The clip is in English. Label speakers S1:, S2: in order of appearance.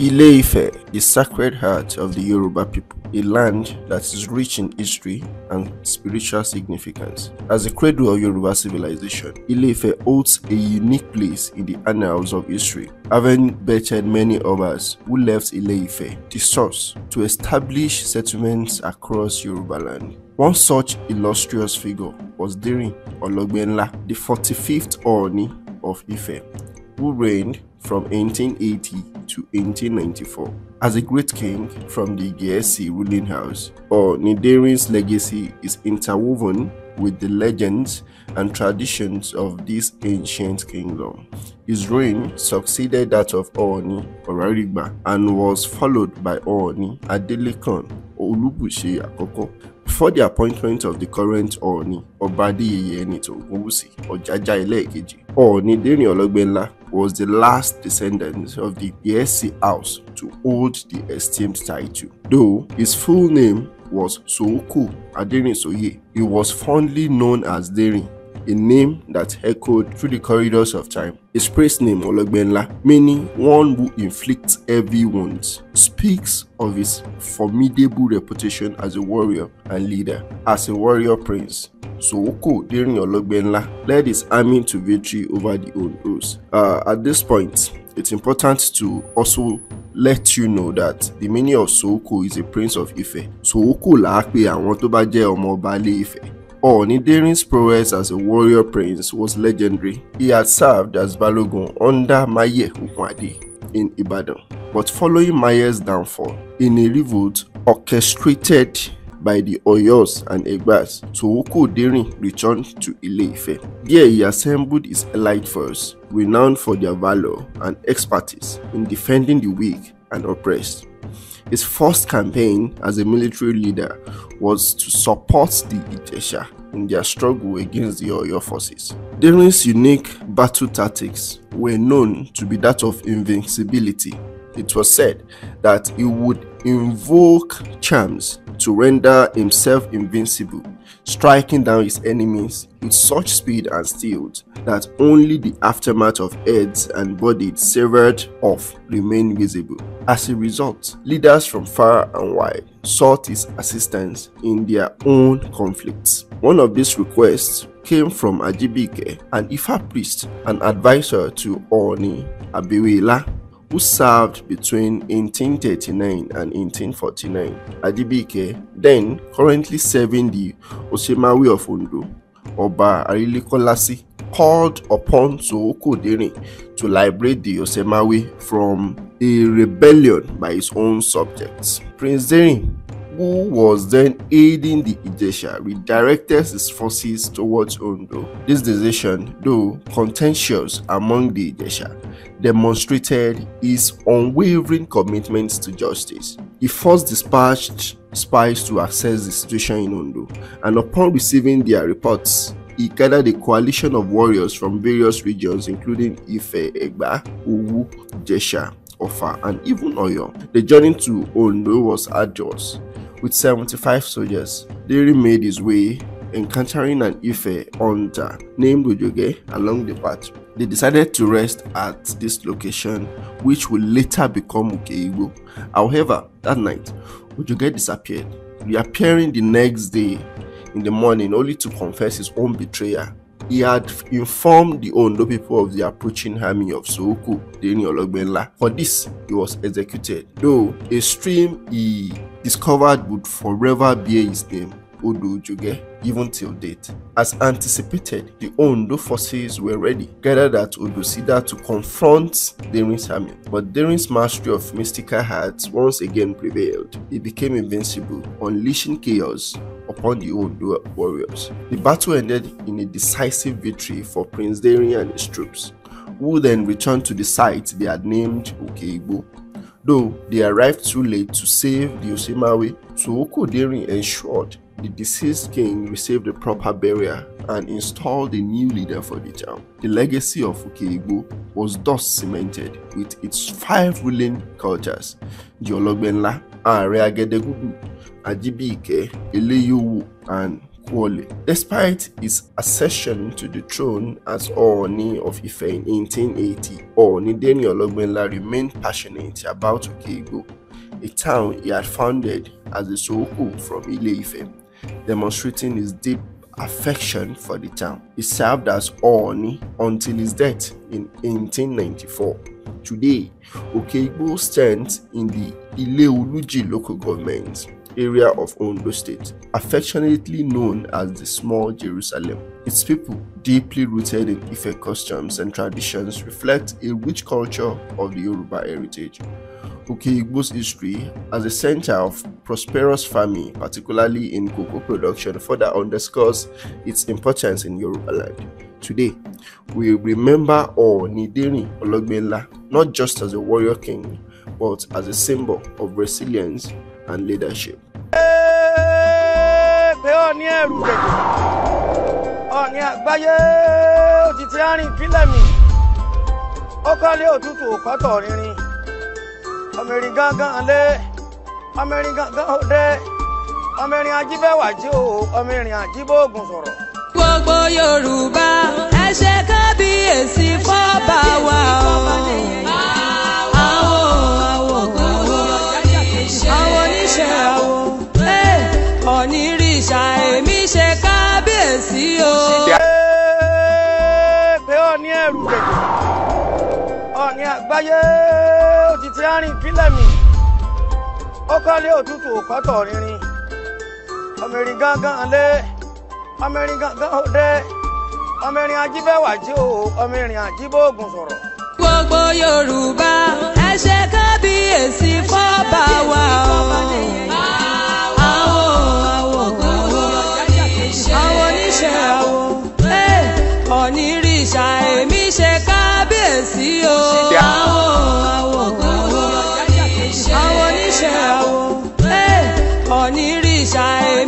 S1: Ile-Ife is sacred heart of the Yoruba people, a land that is rich in history and spiritual significance. As the cradle of Yoruba civilization, Ile-Ife holds a unique place in the annals of history, having bettered many others who left Ile-Ife, the source, to establish settlements across Yoruba land. One such illustrious figure was Dirin Ologbenla, the 45th Oni of Ife, who reigned from 1880 to 1894. As a great king from the Gesi ruling house, or Nidarin's legacy is interwoven with the legends and traditions of this ancient kingdom. His reign succeeded that of Oni Orarigba and was followed by Oni Adelekon Olubuse Akoko before the appointment of the current Ọọ̀ni Ọba Adéyẹyè Ẹnìtàn-Ògúnwùsì Ọ̀jájá ẹlẹ́ẹ̀kejì Ọọ̀ni Dẹ́rìn Ọlọ́gbẹ́nlá was the last descendant of the Iyesi house to hold the esteemed title. Though his full name was Sooku Aderinsoye, he was fondly known as Derin a name that echoed through the corridors of time. His praise name, Ologbenla, meaning one who inflicts heavy wounds, speaks of his formidable reputation as a warrior and leader. As a warrior prince, Sooko during Ologbenla led his army to victory over the Oros. Uh, at this point, it's important to also let you know that the meaning of Sooko is a prince of Ife. Sooko là á pe àwọn tó bá jẹ́ ọmọ ọba ilé Onidirin's prowess as a warrior prince was legendary. He had served as Balogun under Maye Ukwadi in Ibadan. But following Maye's downfall, in a revolt orchestrated by the Oyos and Egbas, Tooko Dirin returned to ile There he assembled his allied force, renowned for their valor and expertise in defending the weak and oppressed. His first campaign as a military leader was to support the Itesha in their struggle against the Oyo forces. Derin's unique battle tactics were known to be that of invincibility. It was said that he would invoke charms to render himself invincible, striking down his enemies with such speed and steel that only the aftermath of heads and bodies severed off remained visible. As a result, leaders from far and wide sought his assistance in their own conflicts. One of these requests came from Ajibike, an Ifa priest and advisor to Oni Abiwela, who served between 1839 and 1849. Ajibike, then currently serving the Osemawi of Ondo, Oba Arilikolasi, called upon Dini to liberate the Osemawi from a rebellion by his own subjects. Prince Dini, who was then aiding the Ijesha, redirected his forces towards Ondo. This decision, though contentious among the Ijesha, demonstrated his unwavering commitment to justice. He first dispatched spies to assess the situation in Ondo, and upon receiving their reports, he gathered a coalition of warriors from various regions, including Ife, Egba, Owu, Jesha, Ofa, and even Oyo. The journey to Ondo was arduous, with 75 soldiers. Diri made his way, encountering an Ife hunter named Ojoge along the path. They decided to rest at this location, which would later become Ukeigo. However, that night, Ojoge disappeared, reappearing the next day in the morning only to confess his own betrayal. He had informed the Ondo people of the approaching army of Sooko, Deni Ologbenla. For this, he was executed, though a stream he discovered would forever bear his name. Odojuge even till date. As anticipated, the Ondo forces were ready, gathered at Sida to confront the army. But Daring's mastery of mystical hearts once again prevailed. He became invincible, unleashing chaos upon the Ondo warriors. The battle ended in a decisive victory for Prince Daring and his troops, who then returned to the site they had named Okeibo though they arrived too late to save the Osemawe, so Daring ensured the deceased king received a proper burial and installed a new leader for the town. The legacy of Ukeigbo was thus cemented with its five ruling cultures: the Ologbenla, Ààrẹ Agẹdẹgúdù, Ajibike, Eleyowo, and Despite his accession to the throne as Ooni of Ife in 1880, Oonidemi Ologbenla remained passionate about Okeigbo, a town he had founded as a Soko from Ile-Ife demonstrating his deep affection for the town. He served as Ooni until his death in 1894. Today, Okeigbo stands in the Ileoluji local government. area of Ondo State, affectionately known as the Small Jerusalem. Its people, deeply rooted in Ife customs and traditions, reflect a rich culture of the Yoruba heritage. Okeigbo's history as a center of prosperous farming, particularly in cocoa production, further underscores its importance in Yoruba land. Today, we remember O Nidiri Ologbenla not just as a warrior king, but as a symbol of resilience and leadership. pé ọ̀ní ẹ̀rù gẹ̀gẹ̀ ọ̀ní àgbáyé ó ti ti arìn ìpínlẹ̀ mi ó kọ́lé òtútù òkọ́tọ̀ rinrin ọmọ erin gángan lé ọmọ erin gángan òde ọmọ erin ajíbẹ̀wà jí o ọmọ erin àjíbóògùn sọ̀rọ̀. gbogbo Yorùbá ẹ ṣe kábíyèsí fọ́ba wa o. wáyé òtítí arìn ìpínlẹ̀ mi ó kọ́lé òtútù òkọ́tọ̀ rinrin ọmọrin gángan lé ọmọrin gángan òde ọmọrin ajíbẹ́wà jí o ọmọrin àjíbóògùn sọ̀rọ̀. gbogbo Yorùbá ẹ ṣe kábíyèsí fọ́ba wa o. àwọn àwọn awo, àwọn onírìṣà èmi ṣe ká kábíyèsí o àwọ àwọ àwọ oníṣẹ́ àwọ eh, ọ̀nìrìṣà èmi.